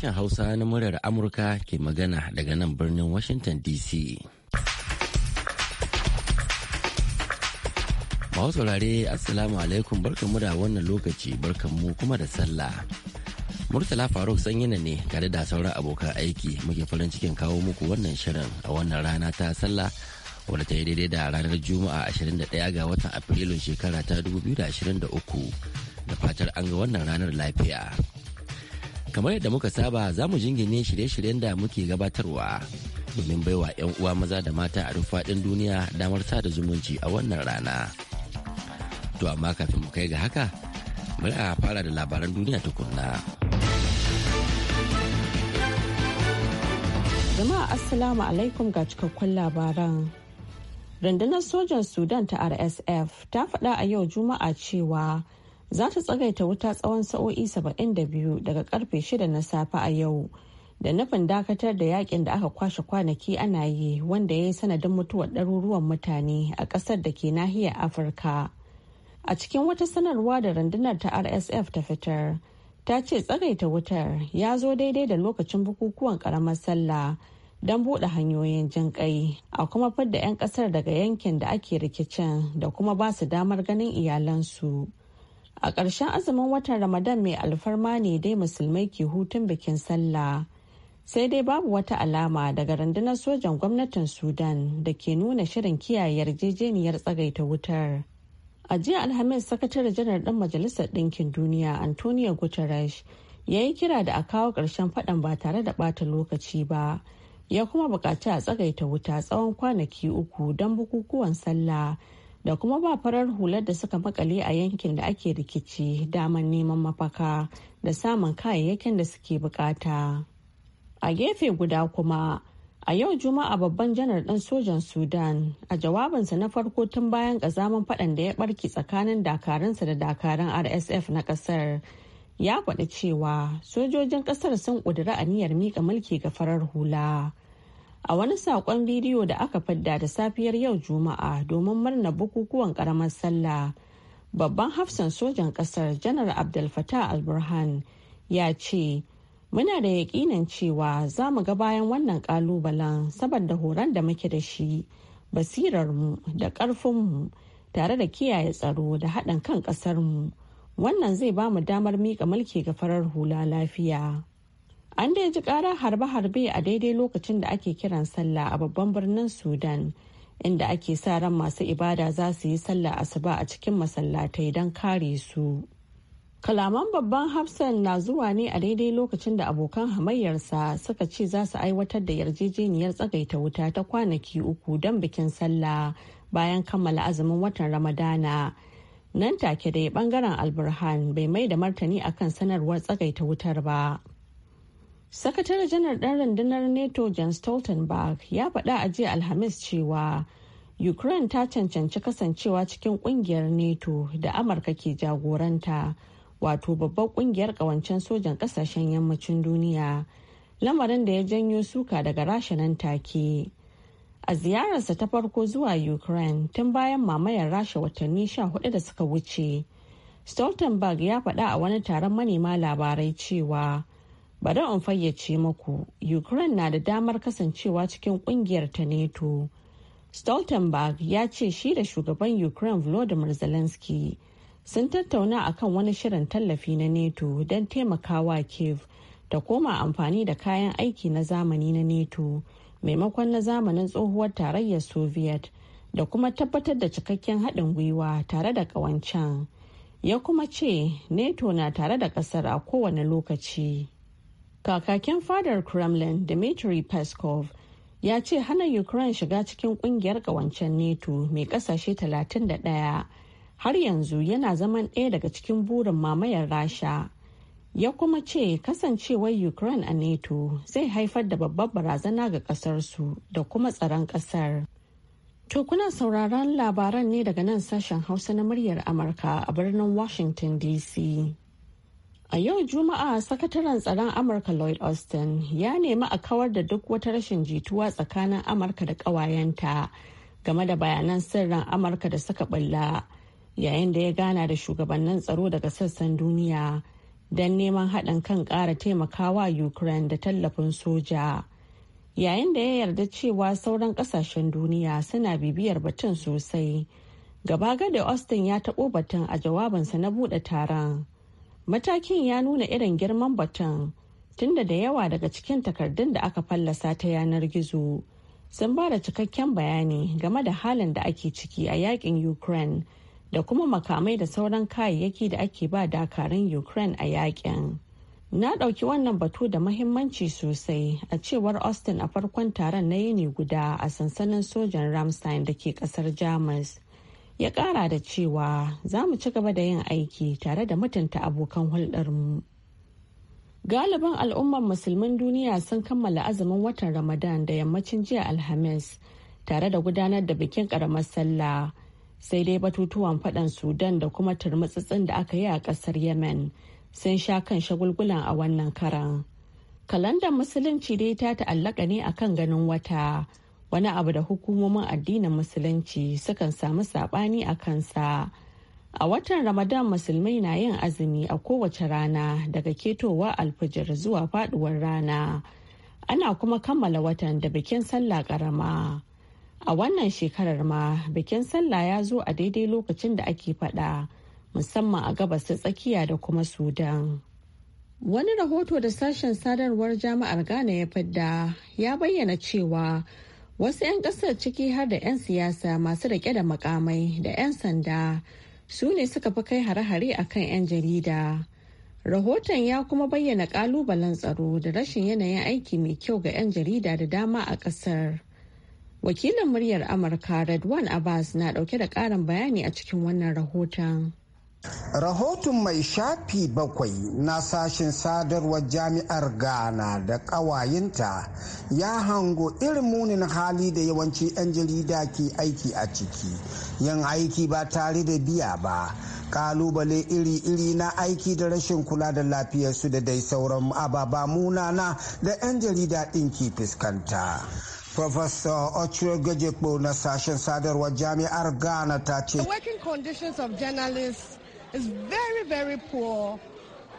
sashen Hausa na muryar Amurka ke magana daga nan birnin Washington DC. Masu saurare Assalamu alaikum mu da wannan lokaci mu kuma da sallah. Murtala Faruk sanyina ne tare da sauran abokan aiki muke farin cikin kawo muku wannan shirin a wannan rana ta sallah wadda ta yi daidai da ranar Juma'a 21 ga watan Afrilun shekara ta 2023 da fatar an ga wannan ranar lafiya. kamar yadda muka saba za mu jingine shirye-shiryen da muke gabatarwa domin baiwa 'yan uwa maza da mata a rufaɗin duniya damar sada zumunci a wannan rana to amma kafin mu kai ga haka muna fara da labaran duniya tukunna jama'a assalamu alaikum ga cikakkun labaran rundunar sojan sudan ta rsf ta faɗa a yau juma'a cewa za ta tsagaita wuta tsawon sa'o'i 72 daga karfe 6 na safe a yau da nufin dakatar da yakin da aka kwashe kwanaki ana yi wanda ya yi sanadin mutuwar ɗaruruwan mutane a ƙasar da ke nahiyar afirka a cikin wata sanarwa da rundunar ta rsf ta fitar ta ce tsagaita wutar ya zo daidai da lokacin bukukuwan ƙaramar sallah don buɗe hanyoyin jin a kuma fadda 'yan ƙasar daga yankin da ake rikicin da kuma ba su damar ganin iyalansu a ƙarshen azumin watan ramadan mai alfarma ne dai musulmai ke hutun bikin sallah sai dai babu wata alama daga rundunar sojan gwamnatin sudan da ke nuna shirin kiyaye yarjejeniyar tsagaita wutar a jiya alhamis sakatare janar ɗan majalisar ɗinkin duniya antonio guterres ya yi kira da a kawo ƙarshen faɗan ba tare da ɓata lokaci ba ya kuma buƙaci a tsagaita wuta tsawon kwanaki uku don bukukuwan sallah da kuma ba farar hular da suka makale a yankin da ake rikici damar neman mafaka da samun kayayyakin da suke bukata. A gefe guda kuma, a yau Juma'a babban janar ɗan sojan Sudan a jawabinsa na farko tun bayan ƙazaman faɗan da ya ɓarki tsakanin dakaransa da dakaran RSF na ƙasar. Ya faɗi cewa sojojin ƙasar sun ƙudiri aniyar mika mulki ga farar hula. a wani saƙon bidiyo da aka fadda da safiyar yau juma'a domin murnar bukukuwan ƙaramar sallah babban hafsan sojan ƙasar janar abdul fatah ya ce muna da yaƙinin cewa za mu ga bayan wannan ƙalubalen saboda horon da muke da shi basirarmu da ƙarfinmu tare da kiyaye tsaro da haɗin kan ƙasarmu wannan zai ba mu damar miƙa mulki ga farar hula lafiya. An da ji karar harbe-harbe a daidai lokacin da ake kiran sallah a babban birnin Sudan, inda ake sa ran masu ibada za su yi sallah asuba a cikin masallatai don kare su. Kalaman babban Hafsan na zuwa ne a daidai lokacin da abokan hamayyarsa suka ce za su aiwatar da yarjejeniyar tsagaita wuta ta kwanaki uku don bikin sallah bayan kammala azumin watan Ramadana. Nan take dai bangaren Alburhan bai mai da martani akan sanarwar tsagaita wutar ba. sakatare janar ɗan rundunar nato jan stoltenberg ya faɗa a jiya alhamis cewa ukraine ta cancanci kasancewa cikin ƙungiyar nato da amurka ke jagoranta wato babbar ƙungiyar ƙawancen sojan ƙasashen yammacin duniya lamarin da ya janyo suka daga rasha nan take a ziyararsa ta farko zuwa ukraine tun bayan mamayar rasha watanni sha hudu da suka wuce stoltenberg ya faɗa a wani taron manema labarai cewa bari an fayyace maku ukraine na da damar kasancewa cikin kungiyar ta neto stoltenberg ya ce shi da shugaban ukraine volodymyr zelensky sun tattauna akan wani shirin tallafi na neto don taimakawa kiev ta koma amfani da kayan aiki na zamani na neto maimakon na zamanin tsohuwar tarayyar soviet da kuma tabbatar da cikakken haɗin gwiwa tare da ƙawancen ya kuma ce neto na tare da ƙasar a kowane lokaci Kakakin fadar Kremlin Dmitry Peskov ya ce hana Ukraine shiga cikin kungiyar ƙawancen neto mai kasashe 31 har yanzu yana zaman ɗaya daga cikin burin mamayar Rasha. Ya kuma ce kasancewar Ukraine a neto zai haifar da babbar barazana ga kasarsu da kuma tsaron kasar. To kuna sauraron labaran ne daga nan sashen Hausa na muryar Amurka a birnin Washington DC. A yau Juma'a sakataren tsaron Amurka Lloyd Austin ya nemi a kawar da duk wata rashin jituwa tsakanin Amurka da ƙawayenta game da bayanan sirrin Amurka da suka ɓulla yayin da ya gana da shugabannin tsaro daga sassan duniya don neman haɗin kan ƙara taimakawa Ukraine da tallafin soja. Yayin da ya yarda cewa sauran ƙasashen duniya suna bibiyar batun sosai. Gaba gada Austin ya taɓo batun a jawabinsa na buɗe taron. Matakin ya nuna irin girman batun tunda da yawa daga cikin takardun da aka fallasa ta yanar gizo sun ba da cikakken bayani game da halin da ake ciki a yakin Ukraine da kuma makamai da sauran kayayyaki da ake ba dakarun Ukraine a yakin. Na ɗauki wannan batu da mahimmanci sosai a cewar Austin a farkon taron na yini guda a sansanin sojan Ramstein da ke ƙasar Jamus. ya kara da cewa za mu ci gaba da yin aiki tare da mutunta abokan hulɗarmu. Galibin al'ummar musulmin duniya sun kammala azumin watan Ramadan da yammacin jiya Alhamis tare da gudanar da bikin ƙaramar sallah sai dai batutuwan faɗan Sudan da kuma turmutsitsin da aka yi a ƙasar Yemen sun sha kan shagulgulan a wannan karan. Kalandar Musulunci dai ta ta'allaka ne akan ganin wata. wani abu da hukumomin addinin musulunci sukan samu saɓani a kansa a watan ramadan musulmai na yin azumi a kowace rana daga ketowa alfijir zuwa faduwar rana ana kuma kammala watan da bikin sallah karama a wannan shekarar ma bikin sallah ya zo a daidai lokacin da ake faɗa musamman a gabas ta tsakiya da kuma sudan wani rahoto da sashen sadarwar jami'ar ghana ya fidda ya bayyana cewa wasu 'yan kasar ciki har da 'yan siyasa masu rike da makamai da 'yan sanda su ne suka fi kai hare-hare a kan 'yan jarida rahoton ya kuma bayyana ƙalubalen tsaro da rashin yanayin aiki mai kyau ga 'yan jarida da dama a kasar wakilin muryar amurka redwan abbas na ɗauke da ƙarin bayani a cikin wannan rahoton Rahoton mai shafi bakwai na sashen sadarwar jami'ar Ghana da ƙawayenta ya hango irin munin hali da yawanci 'yan jarida ke aiki a ciki, yin aiki ba tare da biya ba, kalubale iri-iri na aiki da rashin kula da lafiyarsu da dai sauran ababa munana da 'yan jarida ɗin ke fuskanta. Professor Ochre Gajekpo na sashen sadarwar jami'ar Ghana ta ce. The working conditions of journalists is very, very poor,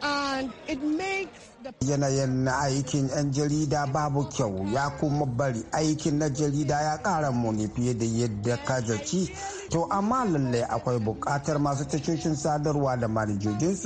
and it makes Yanayin na aikin 'yan jarida babu kyau ya kuma bari aikin na jarida ya kara muni fiye da yadda ka zaci. To amma lallai akwai buƙatar masu tashoshin sadarwa da manajojin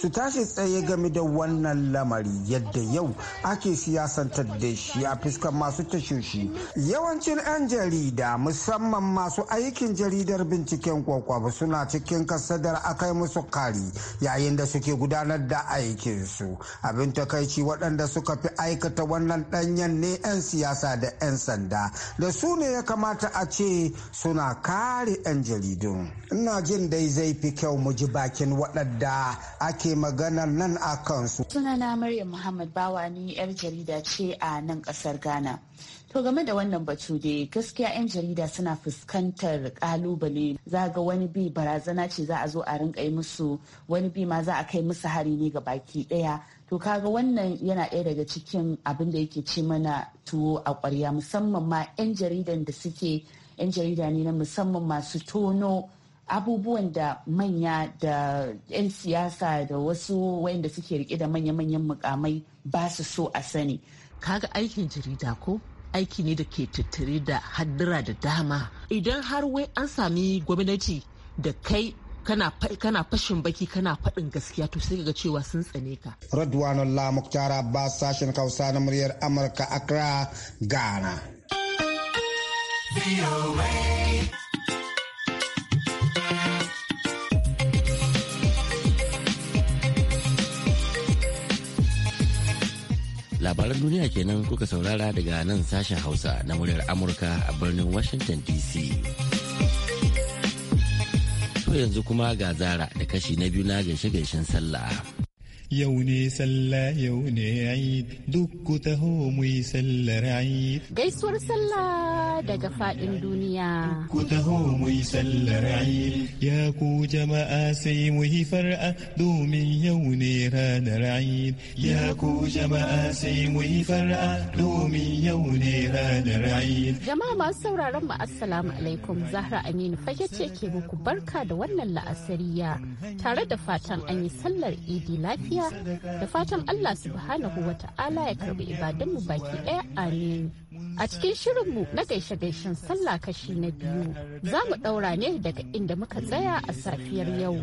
su tashi tsaye game da wannan lamari yadda yau ake siyasantar da shi a fuskar masu tashoshi. Yawancin 'yan jarida musamman masu aikin jaridar binciken kwakwaba suna cikin kasadar akai musu kari yayin da suke gudanar da aikinsu. Abin takaici waɗanda suka fi aikata wannan ɗanyen ne 'yan siyasa da 'yan sanda da su ne ya kamata a ce suna kare 'yan jaridun ina jin dai zai fi kyau mu ji bakin waɗanda ake magana nan a kansu sunana maryam muhammad bawa ni 'yar jarida ce a nan ƙasar ghana To game da wannan batu dai gaskiya 'yan jarida suna fuskantar kalubale za ga wani bi barazana ce za a zo a rinka yi musu wani bi ma za a kai musu hari ne ga baki daya to kaga wannan yana ɗaya daga cikin abin da yake ce mana tuwo a ƙwarya musamman ma 'yan jaridan da suke 'yan jarida ne na musamman masu tono abubuwan da manya da 'yan siyasa da wasu wayanda suke rike da manya-manyan mukamai ba su so a sani kaga aikin jarida ko aiki ne da ke tattare da haddura da dama idan har wai an sami gwamnati da kai kana fashin baki kana faɗin gaskiya to sai ga cewa sun tsane ka. Radwanullah Muktar Abbas sashen kausa na muryar Amurka Accra, Ghana. labaran duniya kenan kuka saurara daga nan sashen hausa na muryar amurka a birnin washington dc to yanzu kuma ga zara da kashi na biyu na gaishe-gaishen sallah yau ne sallah yau ne ayi duk ku taho mu yi sallar ayi gaisuwar sallah daga faɗin duniya. Ku taho mu yi sallar ayil, ya ku jama'a sai mu yi far'a domin yau ne ranar ayil. Ya ku jama'a sai mu yi far'a domin yau ne ranar ayil. Jama'a masu sauraron mu assalamu alaikum Zahra Aminu fage ce ke muku barka da wannan la'asariya tare da fatan an yi sallar idi lafiya da fatan Allah subhanahu wa ta'ala ya karbi ibadunmu baki ɗaya amin. A cikin shirinmu na gaishe-gaishen sallah kashi na biyu za mu ɗaura ne daga inda muka tsaya a safiyar yau.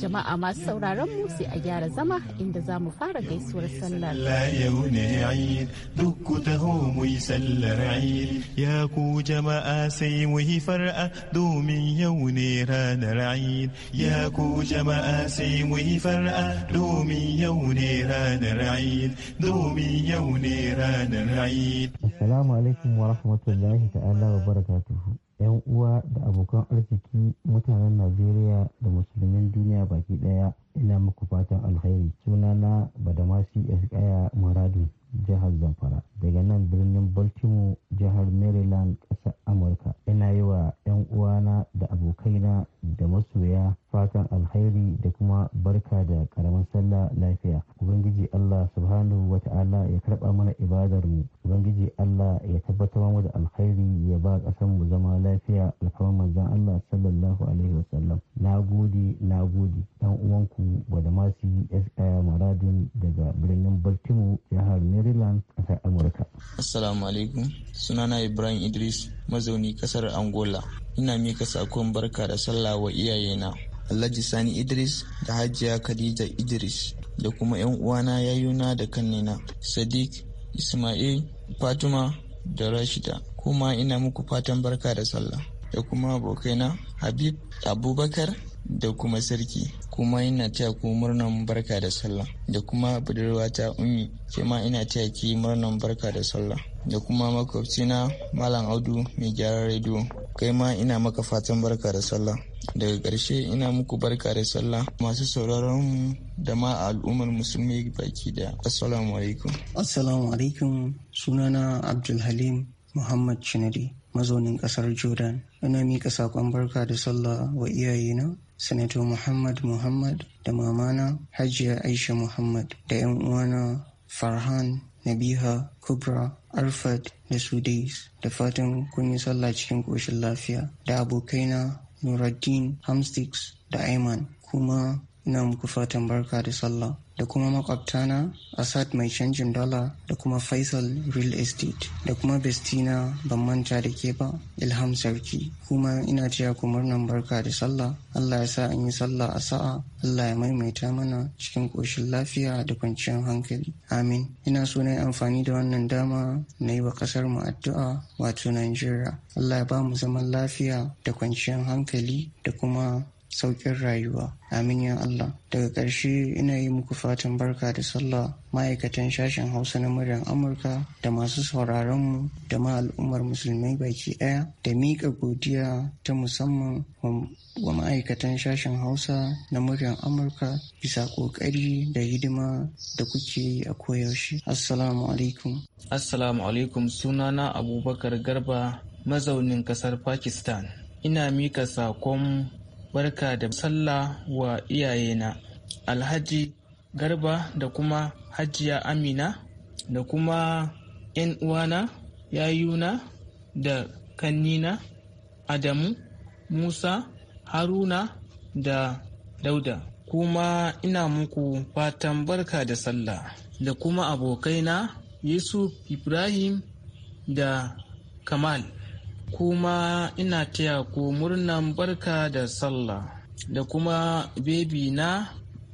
Jama'a masu sauraron mu sai a gyara zama inda za mu fara gaisuwar sallar. Duk taho mu yi sallar ya ku jama'a sai mu yi far'a domin yau ne ranar Eid. Ya ku jama'a sai mu yi far'a domin yau ne ranar Eid. Domin yau ne ranar Eid. Assalamu alaikum wa rahmatullahi ta'ala wa barakatuhu. ‘Yan uwa da abokan arziki mutanen Najeriya da musulmin duniya baki ɗaya. ina muku fatan alkhairi sunana badamasi eskaya muradu jihar zamfara daga nan birnin baltimore jihar maryland ƙasar amurka ina yi wa 'yan uwana da abokaina da masoya fatan alkhairi da kuma barka da karamin sallah lafiya ubangiji allah subhanahu wa ta'ala ya karba mana ibadar mu ubangiji allah ya tabbatar mu da alkhairi ya ba ƙasar mu zama lafiya alfawar manzon allah sallallahu alaihi wasallam na gode na gode dan uwanku Badamasi S.A. maradin daga birnin Baltimore jihar Maryland kasar Amurka Assalamu alaikum sunana Ibrahim Idris mazauni kasar Angola ina mika sakon barka da sallah wa iyayena Alhaji Sani Idris da Hajiya Khadija Idris da kuma 'yan uwana yayuna da kannina Sadiq Ismail Fatima da Rashida kuma ina muku fatan barka da sallah da kuma abokaina habib abubakar da kuma sarki kuma ina taya ku murnan barka da sallah da kuma budurwata ummi ke ma ina taya ki murnan barka da sallah da kuma makwabcina malam audu mai gyara rediyo kai ma ina maka fatan barka da sallah daga ƙarshe ina muku barka da sallah masu sauraron da ma al'ummar musulmi baki da assalamu alaikum assalamu alaikum sunana abdulhalim muhammad chinadi mazaunin kasar jordan ina mika saƙon barka da sallah wa iyayena sanato muhammad muhammad da mamana hajiya aisha muhammad da 'yan uwana farhan nabiha kubra arfad da su da fatan kun yi sallah cikin ƙoshin lafiya da abokaina nuruddin Hamstix, da aiman kuma ina muku fatan barka da sallah da kuma makwabtana asad mai canjin dala da kuma faisal real estate da kuma bestina ban manta da ke ba ilham sarki kuma ina cewa ku murnan barka da sallah allah ya sa an yi sallah a sa'a allah ya maimaita mana cikin koshin lafiya da kwanciyar hankali amin ina so na yi amfani da wannan dama na yi wa ƙasar mu addu'a wato nigeria allah ya ba mu zaman lafiya da kwanciyar hankali da kuma saukin rayuwa. Amin ya Allah. Daga ƙarshe ina yi muku fatan barka da sallah ma'aikatan sashen Hausa na muryar Amurka da masu sauraronmu da ma al'ummar musulmai baki ɗaya da miƙa godiya ta musamman wa ma'aikatan sashen Hausa na muryar Amurka bisa ƙoƙari da hidima da kuke yi a koyaushe. Assalamu alaikum. Assalamu alaikum sunana Abubakar Garba mazaunin ƙasar Pakistan. Ina mika saƙon barka da sallah wa iyayena alhaji garba da kuma hajiya amina da kuma 'yan uwana yayuna da kannina adamu musa haruna da dauda kuma ina muku fatan barka da sallah da kuma abokaina yusuf ibrahim da kamal kuma ina taya ku murnan barka da sallah da kuma bebi na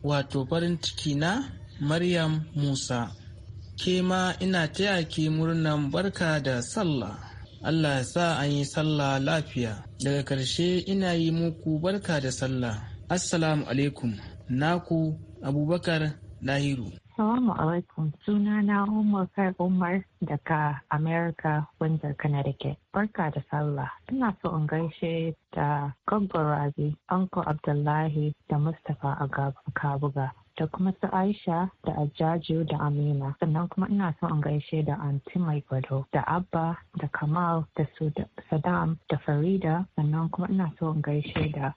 wato farin ciki na maryam musa ke ma ina taya ki murnan barka da sallah allah ya sa an yi sallah lafiya daga karshe ina yi muku barka da sallah assalamu alaikum naku abubakar lahiru Assalamu alaikum suna na Umar Kai Umar daga America, Windsor, Connecticut. Barka da sallah. Ina so in gaishe da Gaggorazi, Uncle Abdullahi da Mustapha agabuga da kuma su Aisha da Ajaju da Amina sannan kuma ina so in gaishe da Anti Mai Gwado da Abba da Kamal da Saddam da Farida sannan kuma ina so in gaishe da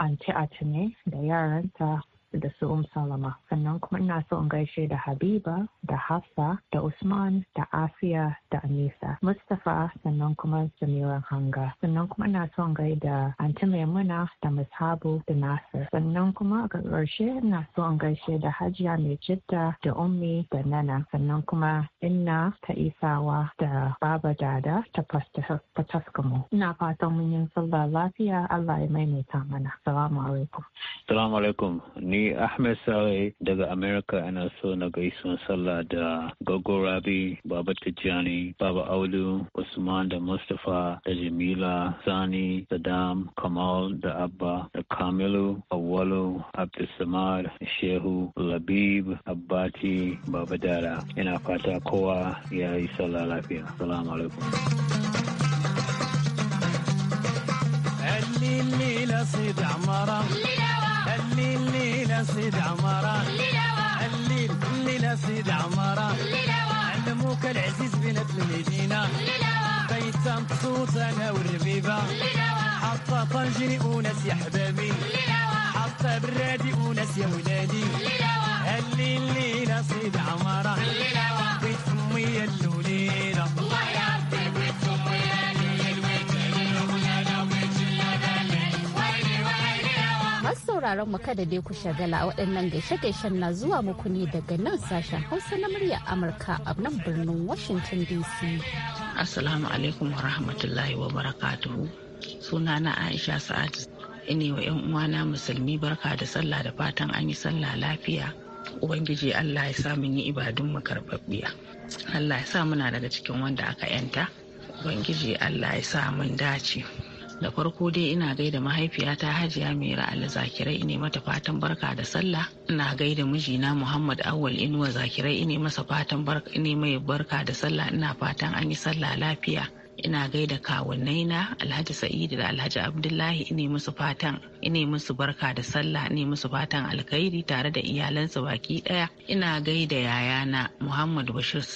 Anti atene da yaranta da su um salama sannan kuma ina so in gaishe da habiba da hafsa da usman da asiya da anisa mustapha sannan kuma Samira hanga sannan kuma ina so in da anti maimuna da mishabu da nasir sannan kuma a ƙarshe ina so in gaishe da hajiya mai jidda da ummi da nana sannan kuma ina ta isawa da baba dada ta fataskamo ina fatan mun yi sallah lafiya allah ya maimaita mana salamu alaikum salamu alaikum Ni Ahmed sare daga Amerika ana so na gaisuwan sallah da Gogo Rabi, Baba Tijjani, Baba Audu, Usman da Mustapha da Jamila, Sani, Saddam, Kamal da Abba da Kamilu, Awalu, Abdulsamad, Shehu, Labib, Abbati, Baba Dara. Ina fata kowa ya yi sallah lafiya. Salamu alaikum. الليل amara عمره الليل ليلة سيد عمارة الليل ليلة سيد عمارة علموك العزيز بنت المدينة بيتام صوت أنا والربيبة حطة طنجري وناس يا حبابي حطة برادي وناس يا ولادي الليل ليلة سيد عمارة بيت أمي اللوليلة الله يا ربي Masu sauraron mu kada dai ku shagala a waɗannan gaishe-gaishen na zuwa muku ne daga nan sashen Hausa na muryar Amurka a nan birnin Washington DC. Assalamu alaikum wa rahmatullahi wa barakatuhu. Suna na Aisha Sa'ad. Ine wa 'yan uwana musulmi barka da sallah da fatan an yi sallah lafiya. Ubangiji Allah ya sa mun yi ibadun mu karbabbiya. Allah ya sa muna daga cikin wanda aka yanta. Ubangiji Allah ya sa mun dace. da farko dai ina gaida mahaifiyata hajiya mera ali zakirai ne mata fatan barka da sallah ina gaida mijina muhammad awal inuwa zakirai ne masa fatan barka ne mai barka da sallah ina fatan an yi sallah lafiya ina gaida kawunnai na alhaji sa'idu da alhaji abdullahi ina musu fatan ina musu barka da sallah ina musu fatan alkhairi tare da iyalansa baki daya ina gaida yayana muhammad bashir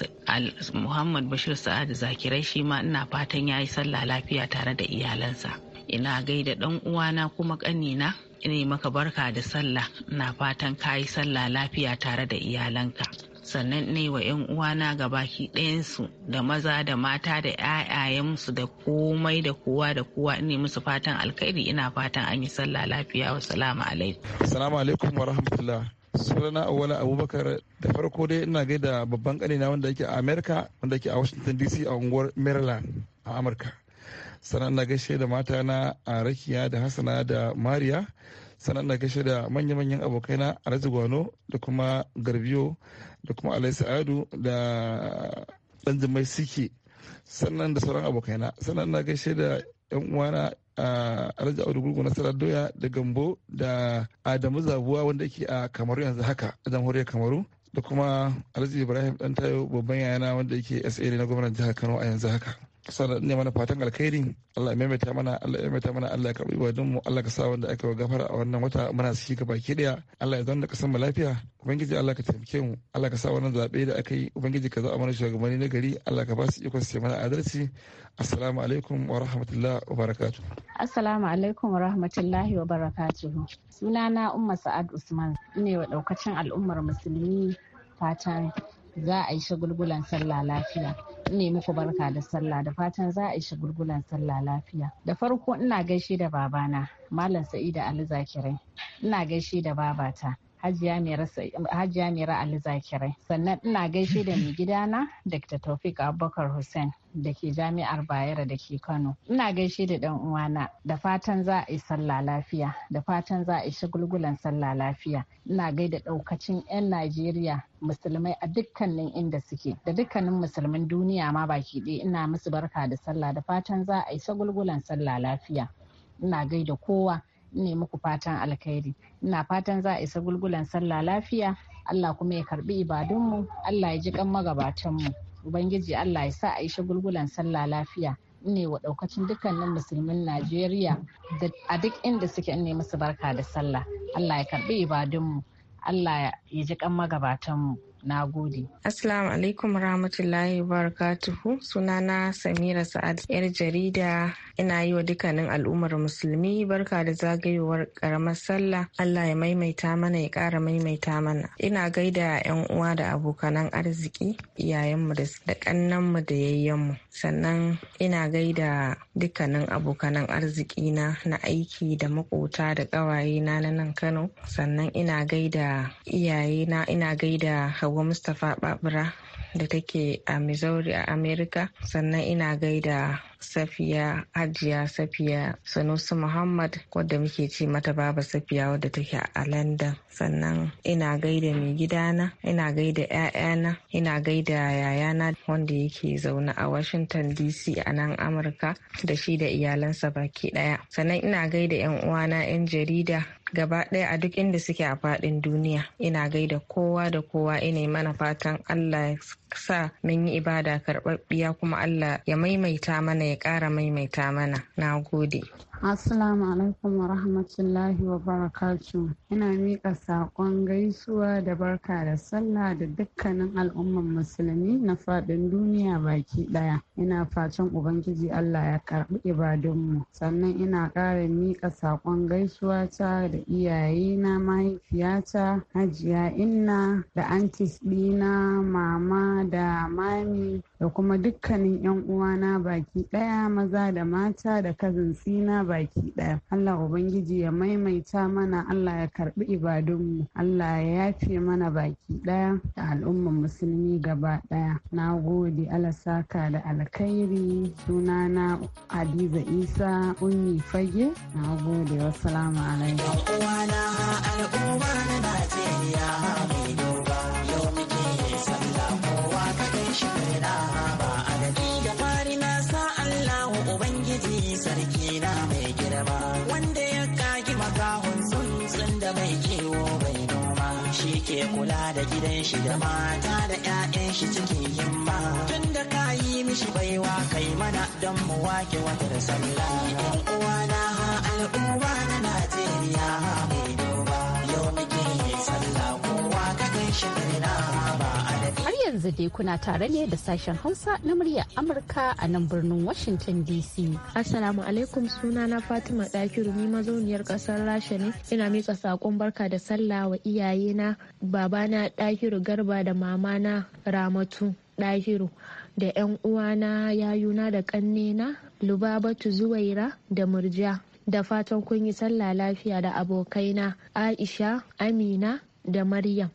muhammad bashir sa'ad zakirai shi ma ina fatan yayi sallah lafiya tare da iyalansa ina gaida dan uwana kuma kanina ina maka barka da sallah ina fatan kayi sallah lafiya tare da iyalanka sannan ne wa 'yan uwana ga baki ɗayansu da maza da mata da 'ya'yayensu da komai da kowa da kowa ne musu fatan alkhairi ina fatan an yi sallah lafiya wa salamu alaikum salamu alaikum wa rahmatullah sunana awala abubakar da farko dai ina gaida babban kanina wanda yake a america wanda yake a washington dc a unguwar maryland a amurka sannan na gaishe da matana a rakiya da hasana da mariya sannan na gaishe da manya-manyan abokaina alhaji gwano da kuma garbiyo da kuma alai sa'adu da dan jimai siki sannan da sauran abokaina sannan na gaishe da yan uwana a alhaji audu gurgu nasarar doya da gambo da adamu zabuwa wanda yake a kamaru yanzu haka a jamhuriyar kamaru da kuma alhaji ibrahim dan tayo babban yayana wanda yake sa na gwamnatin jihar kano a yanzu haka sannan ne mana fatan alkhairi Allah ya maimaita mana Allah ya maimaita mana Allah ya karbi ibadun mu Allah ka sa wanda aka wa gafara a wannan wata muna shi ga baki daya Allah ya zanna kasan mu lafiya ubangiji Allah ka taimake mu Allah ka sa wannan zabe da aka yi ubangiji ka za'a mana shugabanni na gari Allah ka ba su iko su mana adalci assalamu alaikum wa rahmatullahi wa barakatuh assalamu alaikum wa rahmatullahi wa barakatuh sunana umma sa'ad usman ne wa daukacin al'ummar musulmi fatan za a yi shagulgulan sallah lafiya In ne muku barka da sallah da fatan za a yi shagulgulan sallah lafiya da farko ina gaishe da babana malam sa'ida ali zakirai ina gaishe da babata Hajiya Mira Ali Zakirai. Sannan ina gaishe da mai gidana Dr. Taufik Abubakar Hussein da ke Jami'ar Bayero da ke Kano. Ina gaishe da ɗan uwana da fatan za a yi sallah lafiya, da fatan za a yi shagulgulan sallah lafiya. Ina gaida ɗaukacin 'yan Najeriya musulmai a dukkanin inda suke da dukkanin musulmin duniya ma baki ɗaya ina musu barka da sallah da fatan za a yi shagulgulan sallah lafiya. Ina gaida kowa ne muku fatan alkhairi ina fatan za a isa gulgulan sallah lafiya Allah kuma ya karbi ibadunmu Allah ya ji kan magabatanmu ubangiji Allah ya sa a isa gulgulan sallah lafiya ne wa daukacin dukkanin musulmin Najeriya a duk inda suke ne musu barka da sallah Allah ya karbi ibadunmu Allah ya ji kan magabatanmu Na gode. Assalamu alaikum rahmatullahi barakatuhu sunana Samira Sa'ad yar jarida ina yi wa dukkanin al'ummar musulmi barka da zagayowar karamar sallah Allah ya maimaita mana ya kara maimaita mana. Ina gaida yan uwa da abokanan arziki iyayenmu da kannanmu da yayyenmu sannan ina gaida dukkanin abokanan arziki na na aiki da makota da ƙawaye na nan Kano sannan ina gaida iyaye na ina gaida Hauwa Mustapha Babura da take a Missouri a Amerika. Sannan ina gaida Safiya Hajiya Safiya Sanusi Muhammad wadda muke ce mata Baba Safiya wadda take a London. sannan ina gaida mai gidana ina gaida 'ya'yana ina gaida yayana wanda yake zaune a washinton dc a nan amurka da shi da iyalansa baki daya sannan ina gaida 'yan uwana 'yan jarida gaba ɗaya a duk inda suke a faɗin duniya ina gaida kowa da kowa ina mana fatan allah ya sa mun yi ibada karɓaɓɓiya kuma allah ya maimaita mana ya kara maimaita mana na gode Assalamu alaikum wa rahmatullahi wa barakatu. Ina miƙa saƙon gaisuwa da barka da sallah da dukkanin al'umman musulmi na faɗin duniya baki ɗaya. Ina fatan Ubangiji Allah ya karɓi ibadunmu. Sannan ina ƙara miƙa saƙon gaisuwa ta da iyayena mahaifiyata, hajiya inna da antis ɗina, mama da mami da kuma dukkanin 'yan uwana baki ɗaya maza da mata da sina baki ɗaya. Allah Ubangiji ya maimaita mana Allah ya karɓi ibadunmu. Allah ya yafe mana baki ɗaya da al'umman musulmi gaba ɗaya. Na gode alasaka da alkhairi sunana Hadiza Isa Unni Fage. Na gode wassalamu alaikum. gidan shi da mata da ƴaƴan shi cikin himma tun da ka yi mishi baiwa kai mana don mu wake watar sallah uwana al'umma na Najeriya Har yanzu dai kuna tare ne da sashen Hausa na murya Amurka a nan birnin Washington DC. Assalamu alaikum suna na Fatima Dakiru ni mazauniyar kasar Rasha ne. Ina mitsa saƙon barka da sallah wa iyayena babana Dakiru Garba da mamana Ramatu Dakiru da 'yan uwana yayuna da ƙannena Lubabatu Zuwaira da Murja. da fatan kun yi sallah lafiya da abokaina aisha amina da Maryam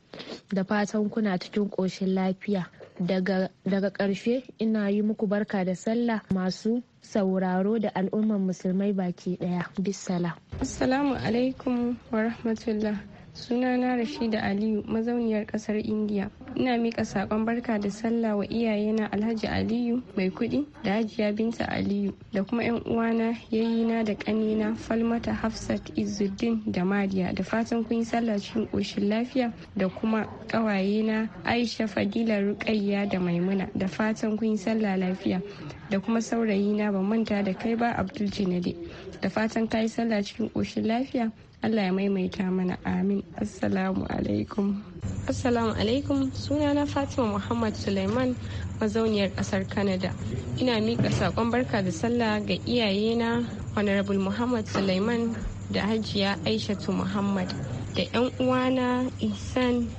da fatan kuna cikin ƙoshin lafiya. Daga ƙarshe ina yi muku barka da sallah masu sauraro da al'ummar musulmai baki ɗaya. Bisala. Assalamu alaikum wa rahmatullah. Sunana Rashida Aliyu mazauniyar ƙasar india. ina mika sakon barka da sallah wa iyayena alhaji aliyu mai kudi da hajiya binta aliyu da kuma yan uwana yayina da ƙanina falmata hafsat izuddin da mariya da fatan kun yi sallah cikin koshin lafiya da kuma ƙawayena aisha fadila ruƙayya da maimuna da fatan kun yi sallah lafiya da kuma saurayina ba manta da kai ba abdul jinadi da fatan ka sallah cikin koshin lafiya Allah ya maimaita mana amin assalamu alaikum assalamu alaikum sunana fatima muhammad suleiman mazauniyar kasar canada ina miƙa saƙon barka da sallah ga iyayena honorable muhammad suleiman da hajiya aishatu muhammad da 'yan uwana ihsan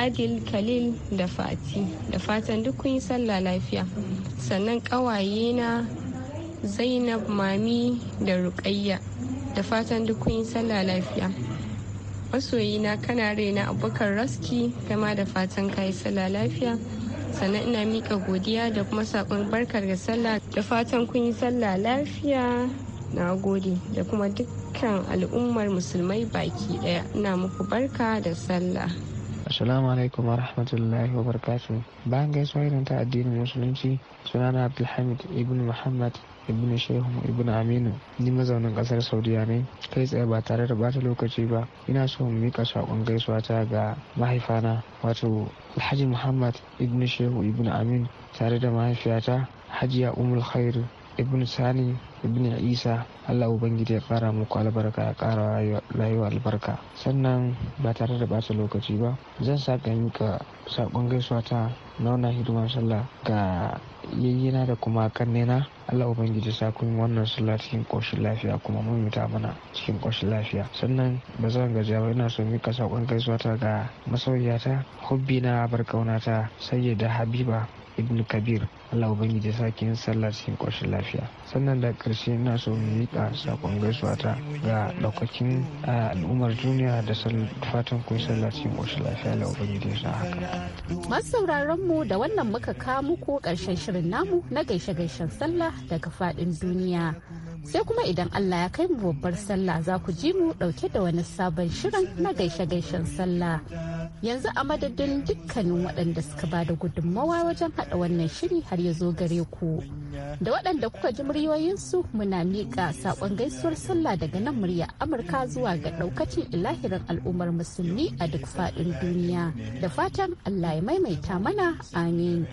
adil khalil da fati da fatan duk kun yi sallah lafiya sannan ƙawayena zainab mami da ruƙayya da fatan duk kun yi sallah lafiya masoyina kana raina abokan raski gama da fatan ka yi sallah lafiya sannan ina mika godiya da kuma saƙon barkar ga sallah da fatan kun yi sallah lafiya na gode da kuma dukkan al'ummar musulmai baki daya ina muku barka da sallah Assalamu alaikum wa rahmatullahi wa barakatuh. Bayan gaisuwa irin ta addinin Musulunci, sunana Abdulhamid ibn Muhammad ibn shehu ibn aminu ni mazaunin kasar saudiya ne kai tsaye ba tare da bata lokaci ba ina so mu mika sakon gaisuwa ta ga mahaifana wato alhaji muhammad ibn shehu ibn aminu tare da mahaifiyata hajiya umul khairu ibn sani ibn isa allah ubangiji ya kara muku albarka ya kara rayuwa albarka sannan ba tare da bata lokaci ba zan saka ka mika sakon gaisuwa ta nauna hidiman sallah ga yayyina da kuma kannena allah ubangiji sa kun wannan sallah cikin koshin lafiya kuma mun mita mana cikin koshin lafiya sannan ba zan gajiya ba ina so mika sakon gaisuwa ta ga masauyata hubbi na ta sayyida habiba ibn kabir allah ubangiji sake yin sallah cikin ƙoshin lafiya sannan da ƙarshe na so mu miƙa saƙon gaisuwa ta ga ɗaukakin al'ummar duniya da fatan kun sallah cikin ƙoshin lafiya allah ubangiji sa haka. masu sauraron mu da wannan muka kawo muku ƙarshen shirin namu na gaishe-gaishen sallah daga faɗin duniya sai kuma idan Allah ya kai mu babbar sallah za ku ji mu dauke da wani sabon shirin na gaishe-gaishen sallah. Yanzu a madadin dukkanin waɗanda suka ba da gudummawa wajen haɗa wannan shiri har ya zo gare ku. Da waɗanda kuka ji muryoyinsu muna miƙa saƙon gaisuwar sallah daga nan murya Amurka zuwa ga ɗaukacin ilahirin al'ummar musulmi a duk faɗin duniya. Da fatan Allah ya maimaita mana amin.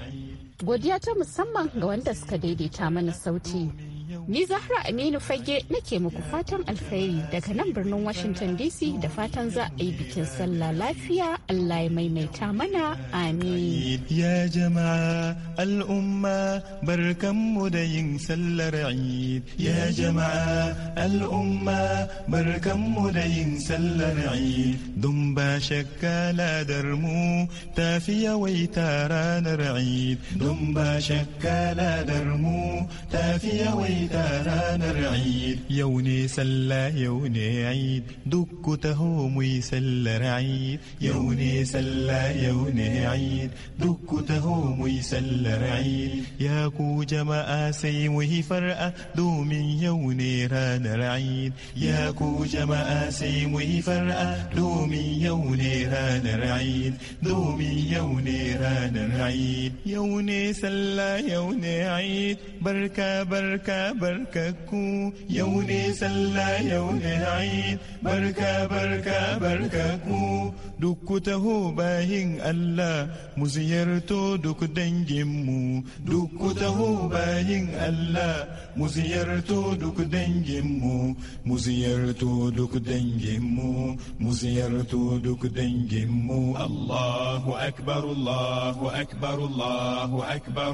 Godiya ta musamman ga wanda suka daidaita mana sauti. Ni Zahra Aminu Fage nake muku fatan alkhairi daga nan birnin Washington DC da fatan za a yi bikin sallah lafiya Allah ya maimaita mana amin. Ya jama'a al'umma barkanmu da yin sallar Eid. Ya jama'a al'umma barkanmu da yin sallar Eid. Don ba shakka ladar mu tafi yawaita ranar Eid. Don ba shakka ladar mu tafi yawaita تانا نرعيد يوني سلا يوني عيد دك تهوم يسل رعيد يوني سلا يوني عيد دك تهوم يسل رعيد يا كو جما سيمه فرأة دومي يوني ران رعيد يا كو جما سيمه فرأة دومي يوني ران رعيد دومي يوني ران رعيد يوني سلا يوني عيد بركة بركة barkaku yau ne sallah yau ne eid barka barka barkaku duk ku taho bayin Allah mu ziyarto duk danginmu duk taho bayin Allah mu ziyarto duk danginmu mu ziyarto duk danginmu mu ziyarto duk danginmu Allahu akbar Allahu akbar Allahu akbar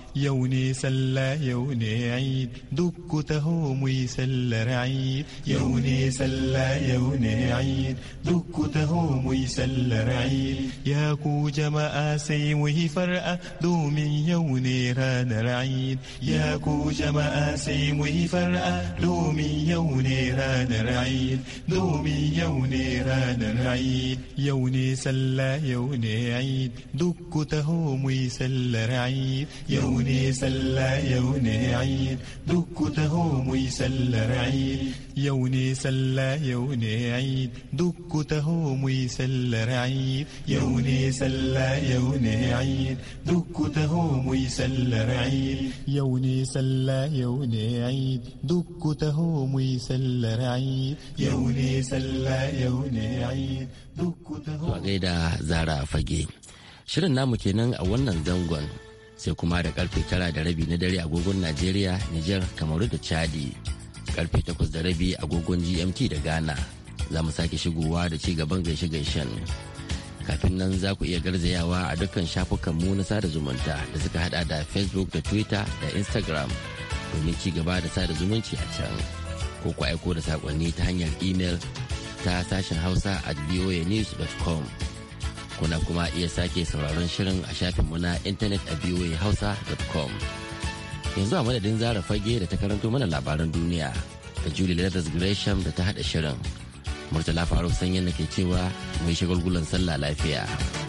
يوني سلا يوني عيد دك تهوم رعيد يوني سلا يوني عيد دك تهوم يسل رعيد يا كو جما آسي وهي فرقة دومي يوني ران رعيد يا كو جما آسي وهي فرقة دومي يوني ران رعيد دومي يوني ران رعيد يوني سلا يوني عيد دك تهوم يسل رعيد يوني yau ne sallah yau ne ayin duk ku taho mu sallar ayin yau ne sallah yau ne ayin duk ku taho mu sallar ayin yau ne sallah yau ne ayin duk ku taho mu sallar ayin yau ne sallah yau ne ayin duk ku taho mu yi sallar ayin yau ne sallah yau ne ayin duk ku taho. Wa gaida Zara Fage. Shirin namu kenan a wannan zangon sai kuma da karfe tara da rabi na dare agogon Najeriya, Nijar, Kamaru da Chadi. Karfe takwas da rabi agogon GMT da Ghana. Za mu sake shigowa da ci gaban gaishe-gaishen. Kafin nan za ku iya garzayawa a dukkan shafukan mu na sada zumunta da suka hada da Facebook da Twitter da Instagram domin ci gaba da sada zumunci a can. Ko ku aiko da saƙonni ta hanyar email ta sashen hausa at voanews.com. kuna kuma iya sake sauraron shirin a shafin na intanet a hausa.com yanzu a madadin zara fage da ta karanto mana labaran duniya da julie leathers gresham da ta hada shirin murtala faruk sanyin da ke cewa mai shagulgulan sallah lafiya